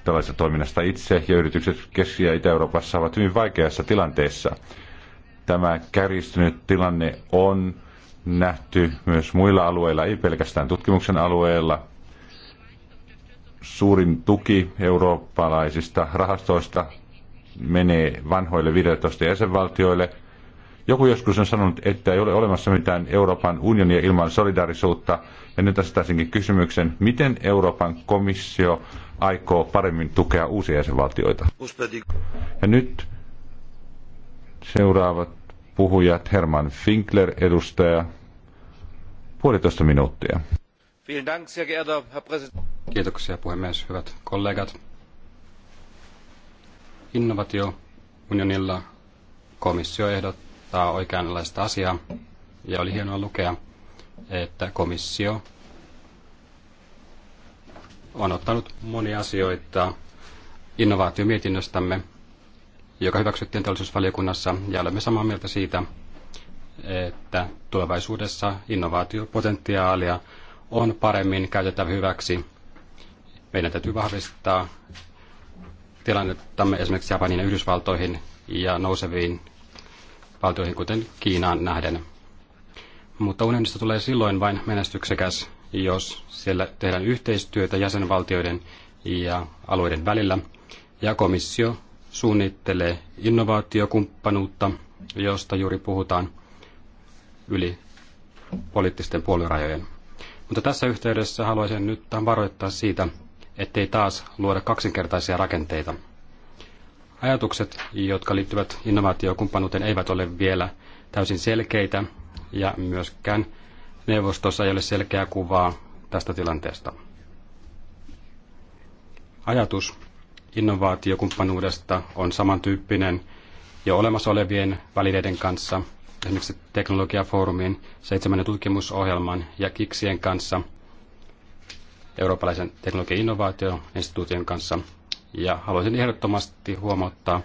tällaisesta toiminnasta itse, ja yritykset Keski- ja Itä-Euroopassa ovat hyvin vaikeassa tilanteessa. Tämä käristynyt tilanne on nähty myös muilla alueilla, ei pelkästään tutkimuksen alueella. Suurin tuki eurooppalaisista rahastoista menee vanhoille 15 jäsenvaltioille. Joku joskus on sanonut, että ei ole olemassa mitään Euroopan unionia ilman solidaarisuutta. Ja nyt asettaisinkin kysymyksen, miten Euroopan komissio aikoo paremmin tukea uusia jäsenvaltioita? Ja nyt seuraavat puhujat. Herman Finkler, edustaja, puolitoista minuuttia. Kiitoksia puhemies, hyvät kollegat. Innovaatio unionilla komissio ehdottaa oikeanlaista asiaa ja oli hienoa lukea, että komissio on ottanut monia asioita innovaatiomietinnöstämme joka hyväksyttiin teollisuusvaliokunnassa, ja olemme samaa mieltä siitä, että tulevaisuudessa innovaatiopotentiaalia on paremmin käytettävä hyväksi. Meidän täytyy vahvistaa tilannettamme esimerkiksi japaniin, ja Yhdysvaltoihin ja nouseviin valtioihin, kuten Kiinaan nähden. Mutta unionista tulee silloin vain menestyksekäs, jos siellä tehdään yhteistyötä jäsenvaltioiden ja alueiden välillä, ja komissio suunnittelee innovaatiokumppanuutta, josta juuri puhutaan yli poliittisten puoluerajojen. Mutta tässä yhteydessä haluaisin nyt varoittaa siitä, ettei taas luoda kaksinkertaisia rakenteita. Ajatukset, jotka liittyvät innovaatiokumppanuuteen, eivät ole vielä täysin selkeitä ja myöskään neuvostossa ei ole selkeää kuvaa tästä tilanteesta. Ajatus, innovaatiokumppanuudesta on samantyyppinen jo olemassa olevien välineiden kanssa, esimerkiksi teknologiafoorumin, seitsemännen tutkimusohjelman ja kiksien kanssa, eurooppalaisen teknologian innovaatioinstituution kanssa. Ja haluaisin ehdottomasti huomauttaa,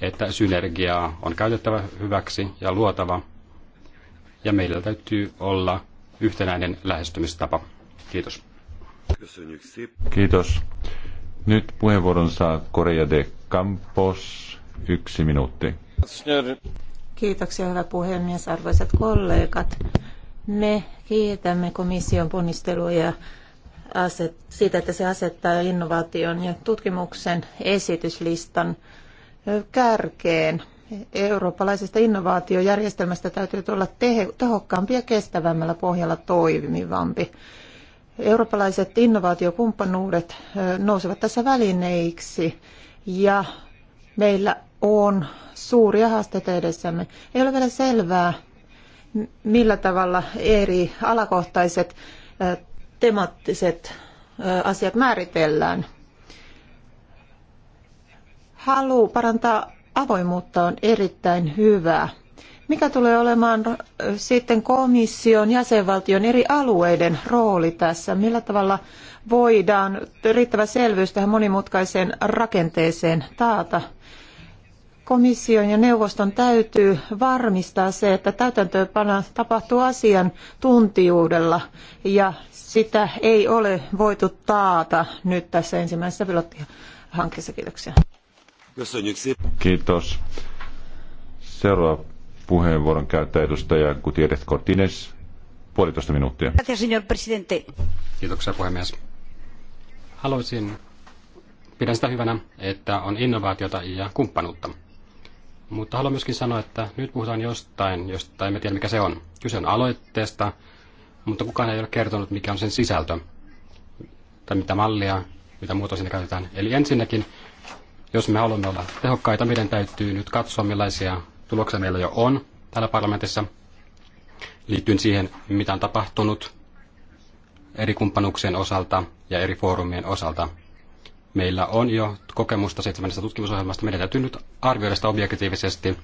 että synergiaa on käytettävä hyväksi ja luotava, ja meillä täytyy olla yhtenäinen lähestymistapa. Kiitos. Kiitos. Nyt puheenvuoron saa Korea de Campos. Yksi minuutti. Kiitoksia, hyvä puhemies, arvoisat kollegat. Me kiitämme komission ponnisteluja aset, siitä, että se asettaa innovaation ja tutkimuksen esityslistan kärkeen. Eurooppalaisesta innovaatiojärjestelmästä täytyy tulla tehokkaampi ja kestävämmällä pohjalla toimivampi. Eurooppalaiset innovaatiokumppanuudet nousevat tässä välineiksi ja meillä on suuria haasteita edessämme. Ei ole vielä selvää, millä tavalla eri alakohtaiset temaattiset asiat määritellään. Halu parantaa avoimuutta on erittäin hyvä. Mikä tulee olemaan sitten komission jäsenvaltion eri alueiden rooli tässä? Millä tavalla voidaan riittävä selvyys tähän monimutkaiseen rakenteeseen taata? Komission ja neuvoston täytyy varmistaa se, että täytäntöönpano tapahtuu asian tuntijuudella ja sitä ei ole voitu taata nyt tässä ensimmäisessä pilottihankkeessa. Kiitoksia. Kiitos. Seuraava puheenvuoron käyttää edustaja Cortines. Puolitoista minuuttia. Kiitoksia puhemies. Haluaisin, pidän sitä hyvänä, että on innovaatiota ja kumppanuutta. Mutta haluan myöskin sanoa, että nyt puhutaan jostain, josta emme tiedä mikä se on. Kyse on aloitteesta, mutta kukaan ei ole kertonut, mikä on sen sisältö tai mitä mallia, mitä muotoa siinä käytetään. Eli ensinnäkin, jos me haluamme olla tehokkaita, meidän täytyy nyt katsoa, millaisia tuloksia meillä jo on täällä parlamentissa liittyen siihen, mitä on tapahtunut eri kumppanuuksien osalta ja eri foorumien osalta. Meillä on jo kokemusta seitsemännestä tutkimusohjelmasta. Meidän täytyy nyt arvioida sitä objektiivisesti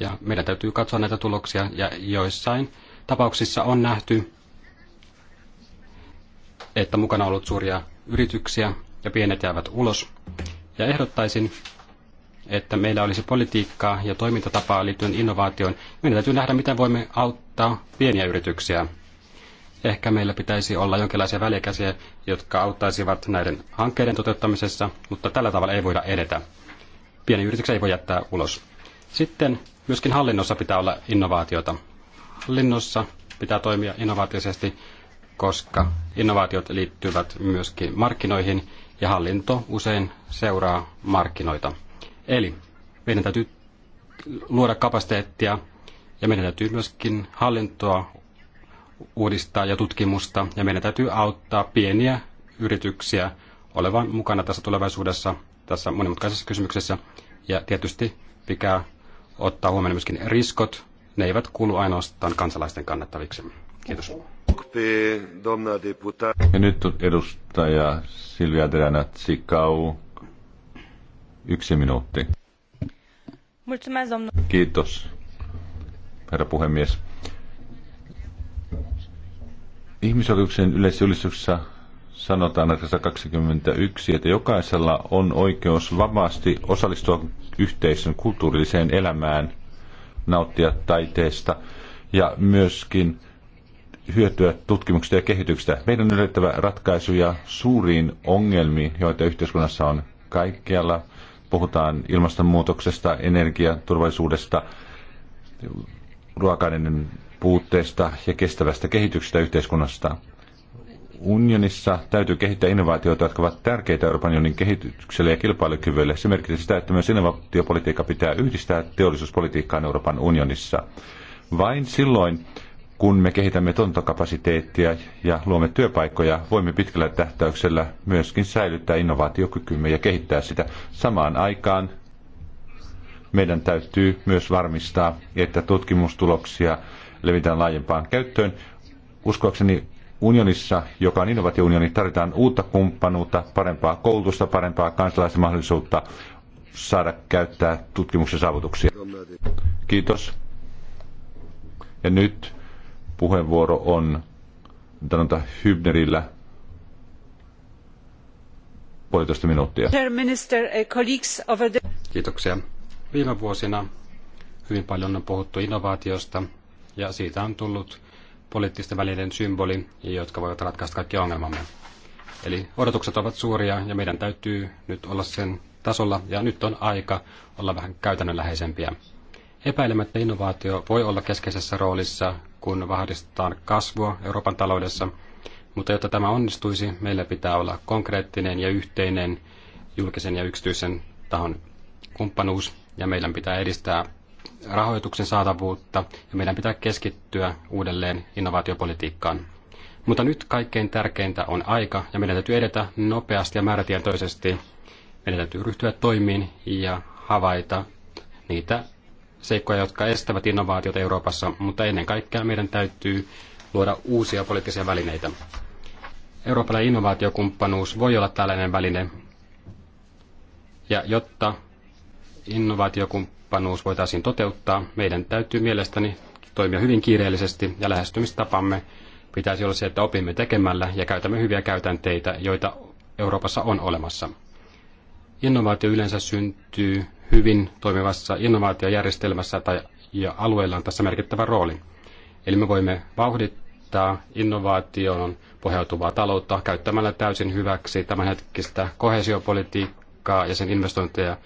ja meidän täytyy katsoa näitä tuloksia ja joissain tapauksissa on nähty, että mukana on ollut suuria yrityksiä ja pienet jäävät ulos. Ja ehdottaisin, että meillä olisi politiikkaa ja toimintatapaa liittyen innovaatioon, meidän täytyy nähdä, miten voimme auttaa pieniä yrityksiä. Ehkä meillä pitäisi olla jonkinlaisia välikäsiä, jotka auttaisivat näiden hankkeiden toteuttamisessa, mutta tällä tavalla ei voida edetä. Pieni yritys ei voi jättää ulos. Sitten myöskin hallinnossa pitää olla innovaatiota. Hallinnossa pitää toimia innovaatioisesti, koska innovaatiot liittyvät myöskin markkinoihin ja hallinto usein seuraa markkinoita. Eli meidän täytyy luoda kapasiteettia ja meidän täytyy myöskin hallintoa uudistaa ja tutkimusta ja meidän täytyy auttaa pieniä yrityksiä olevan mukana tässä tulevaisuudessa tässä monimutkaisessa kysymyksessä ja tietysti pitää ottaa huomioon myöskin riskot. Ne eivät kuulu ainoastaan kansalaisten kannattaviksi. Kiitos. Ja nyt edustaja Silvia Teranatsikau Yksi minuutti. Kiitos, herra puhemies. Ihmisoikeuksien yleisjulistuksessa sanotaan artikassa 21, että jokaisella on oikeus vapaasti osallistua yhteisön kulttuurilliseen elämään, nauttia taiteesta ja myöskin hyötyä tutkimuksesta ja kehityksestä. Meidän on löydettävä ratkaisuja suuriin ongelmiin, joita yhteiskunnassa on kaikkialla puhutaan ilmastonmuutoksesta, energiaturvallisuudesta, ruokainen puutteesta ja kestävästä kehityksestä yhteiskunnasta. Unionissa täytyy kehittää innovaatioita, jotka ovat tärkeitä Euroopan unionin kehitykselle ja kilpailukyvylle. Se merkitsee sitä, että myös innovaatiopolitiikka pitää yhdistää teollisuuspolitiikkaan Euroopan unionissa. Vain silloin kun me kehitämme tontokapasiteettia ja luomme työpaikkoja, voimme pitkällä tähtäyksellä myöskin säilyttää innovaatiokykymme ja kehittää sitä. Samaan aikaan meidän täytyy myös varmistaa, että tutkimustuloksia levitään laajempaan käyttöön. Uskoakseni unionissa, joka on innovaatiounioni, tarvitaan uutta kumppanuutta, parempaa koulutusta, parempaa kansalaisten mahdollisuutta saada käyttää tutkimuksen saavutuksia. Kiitos. Ja nyt puheenvuoro on Danuta Hübnerillä puolitoista minuuttia. Eh, Kiitoksia. Viime vuosina hyvin paljon on puhuttu innovaatiosta ja siitä on tullut poliittisten välineiden symboli, jotka voivat ratkaista kaikki ongelmamme. Eli odotukset ovat suuria ja meidän täytyy nyt olla sen tasolla ja nyt on aika olla vähän käytännönläheisempiä. Epäilemättä innovaatio voi olla keskeisessä roolissa kun vahvistetaan kasvua Euroopan taloudessa, mutta jotta tämä onnistuisi, meillä pitää olla konkreettinen ja yhteinen julkisen ja yksityisen tahon kumppanuus, ja meillä pitää edistää rahoituksen saatavuutta, ja meidän pitää keskittyä uudelleen innovaatiopolitiikkaan. Mutta nyt kaikkein tärkeintä on aika, ja meidän täytyy edetä nopeasti ja määrätietoisesti. Meidän täytyy ryhtyä toimiin ja havaita niitä seikkoja, jotka estävät innovaatiot Euroopassa, mutta ennen kaikkea meidän täytyy luoda uusia poliittisia välineitä. Eurooppalainen innovaatiokumppanuus voi olla tällainen väline, ja jotta innovaatiokumppanuus voitaisiin toteuttaa, meidän täytyy mielestäni toimia hyvin kiireellisesti ja lähestymistapamme pitäisi olla se, että opimme tekemällä ja käytämme hyviä käytänteitä, joita Euroopassa on olemassa. Innovaatio yleensä syntyy hyvin toimivassa innovaatiojärjestelmässä tai, ja alueilla on tässä merkittävä rooli. Eli me voimme vauhdittaa innovaatioon pohjautuvaa taloutta käyttämällä täysin hyväksi tämänhetkistä kohesiopolitiikkaa ja sen investointeja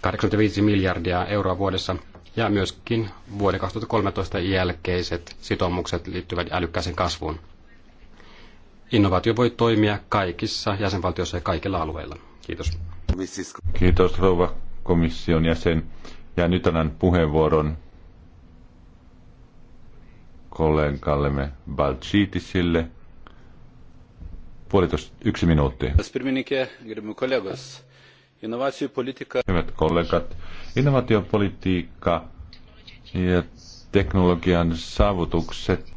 85 miljardia euroa vuodessa ja myöskin vuoden 2013 jälkeiset sitoumukset liittyvät älykkääseen kasvuun. Innovaatio voi toimia kaikissa jäsenvaltioissa ja kaikilla alueilla. Kiitos. Kiitos rouva komission jäsen. Ja nyt annan puheenvuoron kollegallemme Balchitisille. Puolitoista, yksi minuutti. Hyvät kollegat, innovaatiopolitiikka ja teknologian saavutukset,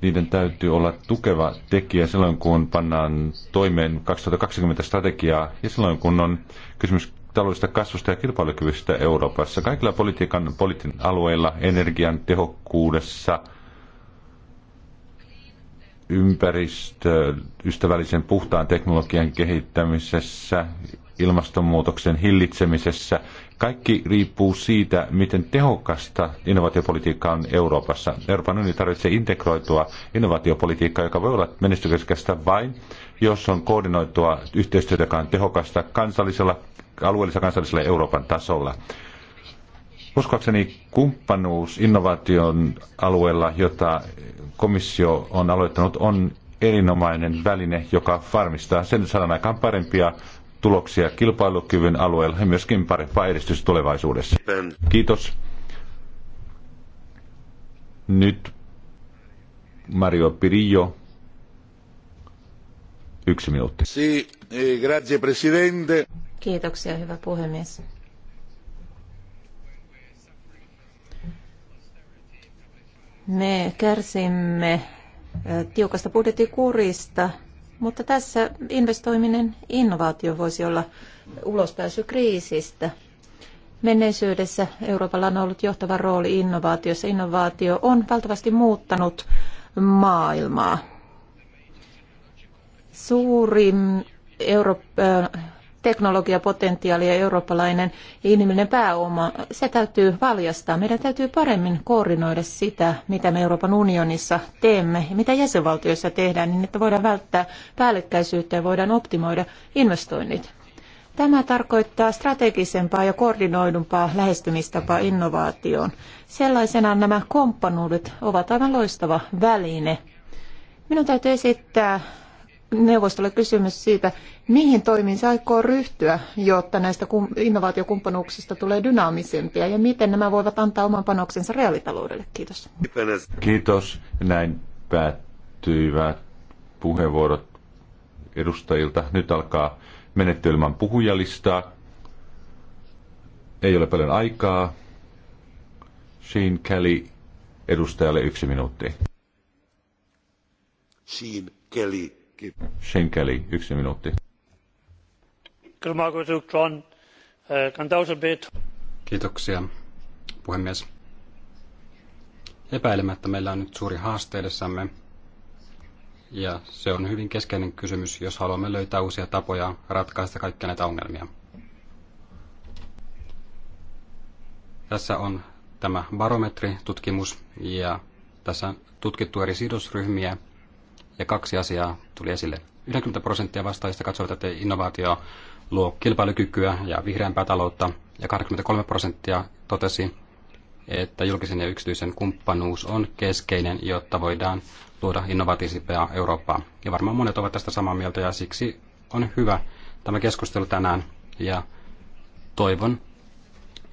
niiden täytyy olla tukeva tekijä silloin, kun pannaan toimeen 2020 strategiaa ja silloin, kun on kysymys taloudellisesta kasvusta ja kilpailukyvystä Euroopassa. Kaikilla politiikan poliitin alueilla, energian tehokkuudessa, ympäristöystävällisen puhtaan teknologian kehittämisessä, ilmastonmuutoksen hillitsemisessä. Kaikki riippuu siitä, miten tehokasta innovaatiopolitiikka on Euroopassa. Euroopan unioni tarvitsee integroitua innovaatiopolitiikkaa, joka voi olla menestyksekästä vain, jos on koordinoitua yhteistyötä, joka on tehokasta kansallisella, alueellisella kansallisella Euroopan tasolla. Uskoakseni kumppanuus innovaation alueella, jota komissio on aloittanut, on erinomainen väline, joka varmistaa sen saadaan aikaan parempia tuloksia kilpailukyvyn alueella ja myöskin parempaa edistystä tulevaisuudessa. Kiitos. Nyt Mario Pirillo Yksi minuutti. Si, eh, grazie presidente. Kiitoksia, hyvä puhemies. Me kärsimme eh, tiukasta budjettikurista, mutta tässä investoiminen innovaatio voisi olla ulospääsy kriisistä. Menneisyydessä Euroopalla on ollut johtava rooli innovaatiossa. Innovaatio on valtavasti muuttanut maailmaa suurin Euro- äh, teknologiapotentiaali ja eurooppalainen inhimillinen pääoma, se täytyy valjastaa. Meidän täytyy paremmin koordinoida sitä, mitä me Euroopan unionissa teemme ja mitä jäsenvaltioissa tehdään, niin että voidaan välttää päällekkäisyyttä ja voidaan optimoida investoinnit. Tämä tarkoittaa strategisempaa ja koordinoidumpaa lähestymistapaa innovaatioon. Sellaisenaan nämä komppanuudet ovat aivan loistava väline. Minun täytyy esittää neuvostolle kysymys siitä, mihin toimiin se aikoo ryhtyä, jotta näistä innovaatiokumppanuuksista tulee dynaamisempia ja miten nämä voivat antaa oman panoksensa reaalitaloudelle. Kiitos. Kiitos. Näin päättyivät puheenvuorot edustajilta. Nyt alkaa menettelmän puhujalistaa. Ei ole paljon aikaa. Sheen Kelly edustajalle yksi minuutti. Sheen Kelly arvoisa yksi minuutti. Kiitoksia, puhemies. Epäilemättä meillä on nyt suuri haaste edessämme, ja se on hyvin keskeinen kysymys, jos haluamme löytää uusia tapoja ratkaista kaikkia näitä ongelmia. Tässä on tämä barometritutkimus, ja tässä on tutkittu eri sidosryhmiä, ja kaksi asiaa tuli esille. 90 prosenttia vastaajista katsoivat että innovaatio luo kilpailukykyä ja vihreämpää taloutta, ja 23 prosenttia totesi, että julkisen ja yksityisen kumppanuus on keskeinen, jotta voidaan luoda innovatiivisempaa Eurooppaa. Ja varmaan monet ovat tästä samaa mieltä, ja siksi on hyvä tämä keskustelu tänään, ja toivon,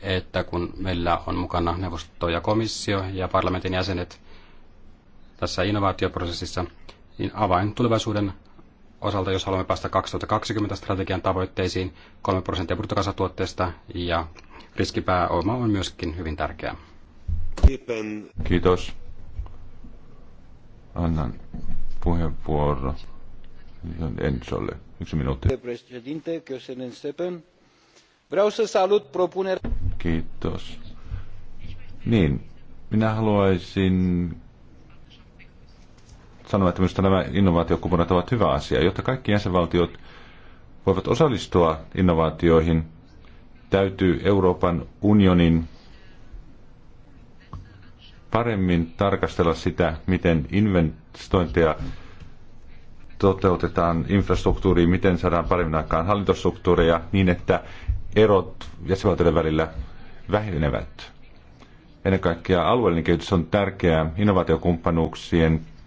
että kun meillä on mukana neuvosto ja komissio ja parlamentin jäsenet tässä innovaatioprosessissa, niin avain tulevaisuuden osalta, jos haluamme päästä 2020 strategian tavoitteisiin, 3 prosenttia bruttokansantuotteesta ja riskipääoma on myöskin hyvin tärkeää. Kiitos. Annan puheenvuoro Ensolle. Yksi minuutti. Vreau să salut propunerea. Kiitos. Niin, minä haluaisin sanoa, että minusta nämä innovaatiokumppanit ovat hyvä asia, jotta kaikki jäsenvaltiot voivat osallistua innovaatioihin, täytyy Euroopan unionin paremmin tarkastella sitä, miten investointeja toteutetaan infrastruktuuriin, miten saadaan paremmin aikaan hallintostruktuureja niin, että erot jäsenvaltioiden välillä vähenevät. Ennen kaikkea alueellinen kehitys on tärkeää innovaatiokumppanuuksien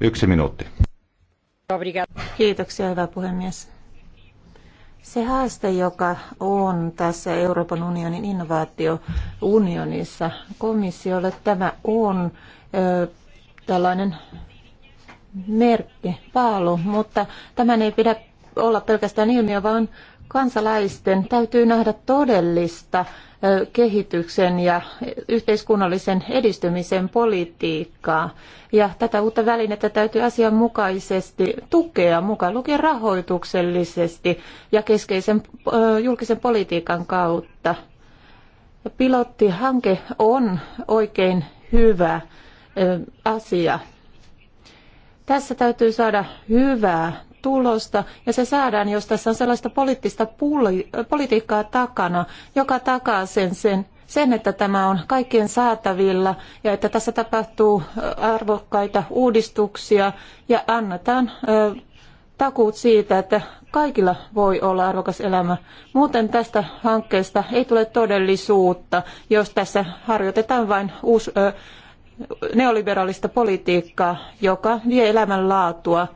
Yksi minuutti. Kiitoksia, hyvä puhemies. Se haaste, joka on tässä Euroopan unionin innovaatiounionissa komissiolle, tämä on ö, tällainen merkki, paalu, mutta tämän ei pidä olla pelkästään ilmiö, vaan kansalaisten täytyy nähdä todellista kehityksen ja yhteiskunnallisen edistymisen politiikkaa. Ja tätä uutta välinettä täytyy asianmukaisesti tukea, mukaan lukien rahoituksellisesti ja keskeisen julkisen politiikan kautta. Pilottihanke on oikein hyvä asia. Tässä täytyy saada hyvää tulosta ja se saadaan, jos tässä on sellaista poliittista puli, äh, politiikkaa takana, joka takaa sen, sen, sen, että tämä on kaikkien saatavilla ja että tässä tapahtuu äh, arvokkaita uudistuksia ja annetaan ö, äh, takuut siitä, että kaikilla voi olla arvokas elämä. Muuten tästä hankkeesta ei tule todellisuutta, jos tässä harjoitetaan vain uusi, ö, neoliberaalista politiikkaa, joka vie elämänlaatua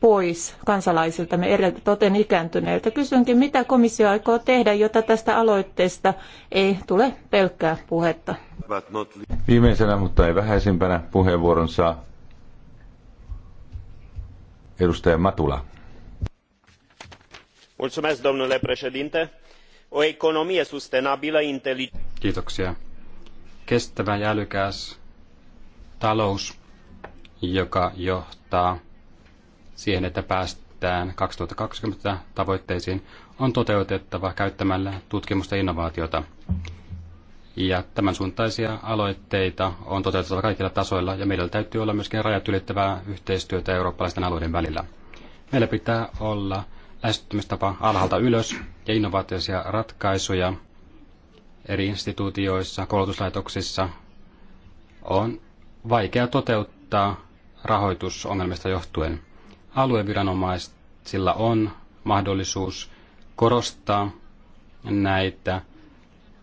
pois kansalaisiltamme edeltä toten ikääntyneiltä. Kysynkin, mitä komissio aikoo tehdä, jotta tästä aloitteesta ei tule pelkkää puhetta. Viimeisenä, mutta ei vähäisimpänä puheenvuoronsa edustaja Matula. Kiitoksia. Kestävä ja älykäs talous, joka johtaa siihen, että päästään 2020 tavoitteisiin, on toteutettava käyttämällä tutkimusta ja innovaatiota. Ja tämän suuntaisia aloitteita on toteutettava kaikilla tasoilla ja meillä täytyy olla myöskin rajat ylittävää yhteistyötä eurooppalaisten alueiden välillä. Meillä pitää olla lähestymistapa alhaalta ylös ja innovaatioisia ratkaisuja eri instituutioissa, koulutuslaitoksissa on vaikea toteuttaa rahoitusongelmista johtuen alueviranomaisilla on mahdollisuus korostaa näitä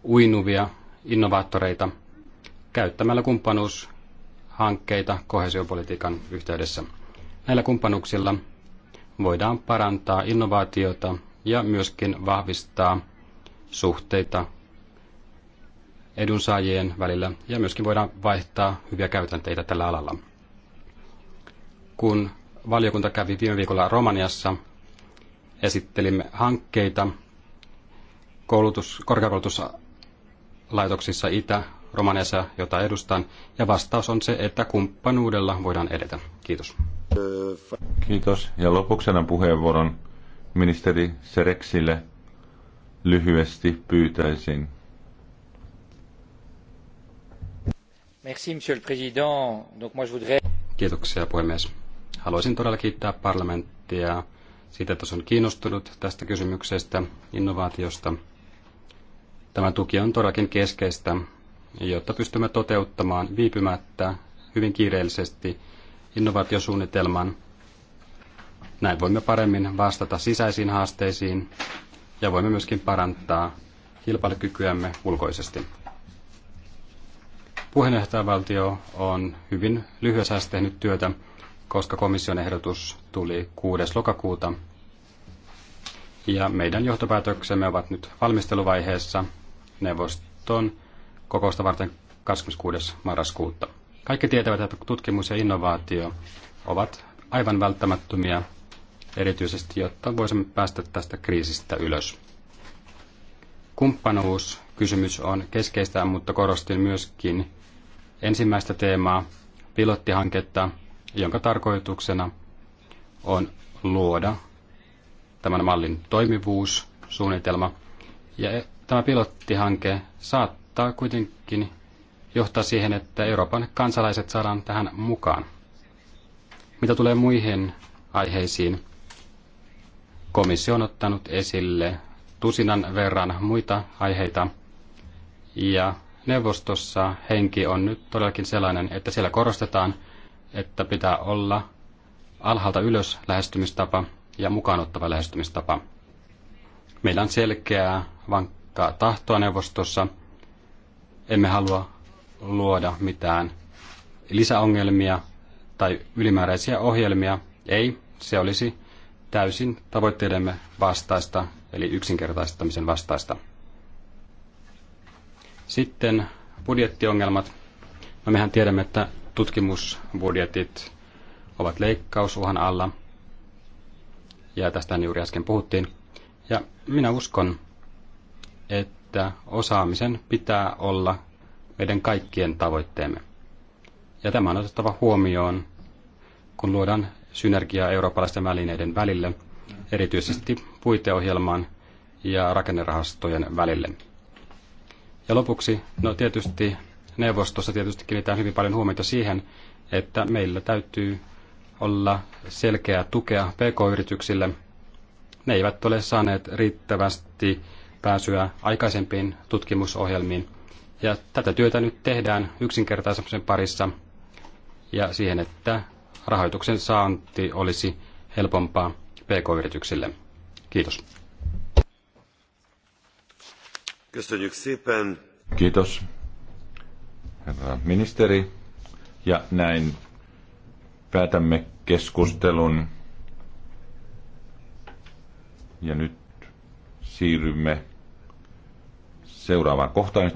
uinuvia innovaattoreita käyttämällä kumppanuushankkeita kohesiopolitiikan yhteydessä. Näillä kumppanuuksilla voidaan parantaa innovaatiota ja myöskin vahvistaa suhteita edunsaajien välillä ja myöskin voidaan vaihtaa hyviä käytänteitä tällä alalla. Kun valiokunta kävi viime viikolla Romaniassa. Esittelimme hankkeita koulutus, korkeakoulutuslaitoksissa Itä-Romaniassa, jota edustan, ja vastaus on se, että kumppanuudella voidaan edetä. Kiitos. Kiitos. Ja lopuksi annan puheenvuoron ministeri Sereksille. Lyhyesti pyytäisin. Merci, monsieur le président. Donc moi je voudrais... Kiitoksia puhemies haluaisin todella kiittää parlamenttia siitä, että se on kiinnostunut tästä kysymyksestä, innovaatiosta. Tämä tuki on todellakin keskeistä, jotta pystymme toteuttamaan viipymättä hyvin kiireellisesti innovaatiosuunnitelman. Näin voimme paremmin vastata sisäisiin haasteisiin ja voimme myöskin parantaa kilpailukykyämme ulkoisesti. Puheenjohtajavaltio on hyvin lyhyessä tehnyt työtä koska komission ehdotus tuli 6. lokakuuta. Ja meidän johtopäätöksemme ovat nyt valmisteluvaiheessa neuvoston kokousta varten 26. marraskuuta. Kaikki tietävät, että tutkimus ja innovaatio ovat aivan välttämättömiä, erityisesti jotta voisimme päästä tästä kriisistä ylös. Kumppanuuskysymys on keskeistä, mutta korostin myöskin ensimmäistä teemaa, pilottihanketta, jonka tarkoituksena on luoda tämän mallin toimivuussuunnitelma. Ja tämä pilottihanke saattaa kuitenkin johtaa siihen, että Euroopan kansalaiset saadaan tähän mukaan. Mitä tulee muihin aiheisiin, komissio on ottanut esille tusinan verran muita aiheita, ja neuvostossa henki on nyt todellakin sellainen, että siellä korostetaan – että pitää olla alhaalta ylös lähestymistapa ja mukaanottava lähestymistapa. Meillä on selkeää, vankkaa tahtoa neuvostossa. Emme halua luoda mitään lisäongelmia tai ylimääräisiä ohjelmia. Ei, se olisi täysin tavoitteidemme vastaista, eli yksinkertaistamisen vastaista. Sitten budjettiongelmat. No mehän tiedämme, että tutkimusbudjetit ovat leikkausuhan alla. Ja tästä juuri äsken puhuttiin. Ja minä uskon, että osaamisen pitää olla meidän kaikkien tavoitteemme. Ja tämä on otettava huomioon, kun luodaan synergiaa eurooppalaisten välineiden välille, erityisesti puiteohjelmaan ja rakennerahastojen välille. Ja lopuksi, no tietysti neuvostossa tietysti kiinnitään hyvin paljon huomiota siihen, että meillä täytyy olla selkeää tukea pk-yrityksille. Ne eivät ole saaneet riittävästi pääsyä aikaisempiin tutkimusohjelmiin. Ja tätä työtä nyt tehdään yksinkertaisemmin parissa ja siihen, että rahoituksen saanti olisi helpompaa pk-yrityksille. Kiitos. Kiitos herra ministeri. Ja näin päätämme keskustelun. Ja nyt siirrymme seuraavaan kohtaan.